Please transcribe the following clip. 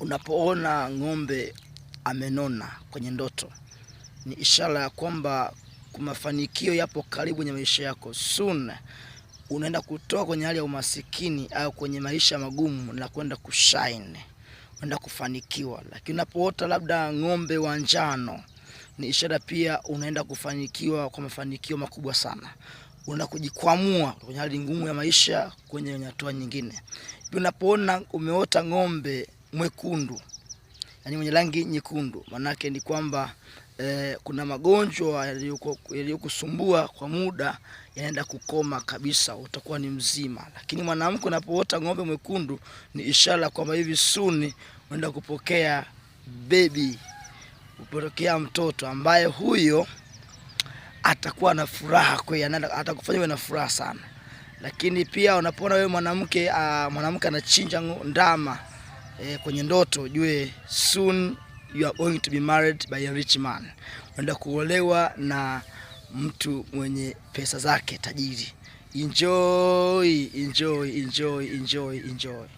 Unapoona ng'ombe amenona kwenye ndoto, ni ishara ya kwamba mafanikio yapo karibu kwenye maisha yako. Soon unaenda kutoka kwenye hali ya umasikini au kwenye maisha magumu na kwenda kushine, unaenda kufanikiwa. Lakini unapoota labda ng'ombe wa njano, ni ishara pia unaenda kufanikiwa kwa mafanikio makubwa sana unaenda kujikwamua kwenye hali ngumu ya maisha kwenye hatua nyingine. Unapoona umeota ng'ombe mwekundu, yani mwenye rangi nyekundu, maanake ni kwamba eh, kuna magonjwa yaliyokusumbua kwa muda yanaenda kukoma kabisa, utakuwa ni mzima. Lakini mwanamke unapoota ng'ombe mwekundu ni ishara kwamba hivi suni unaenda kupokea bebi, kupokea mtoto ambaye huyo atakuwa na furaha kweli, atakufanya na furaha sana. Lakini pia unapoona wewe mwanamke ah, mwanamke anachinja ndama eh, kwenye ndoto ujue soon you are going to be married by a rich man, unaenda kuolewa na mtu mwenye pesa zake tajiri. Enjoy, enjoy, enjoy, enjoy, enjoy.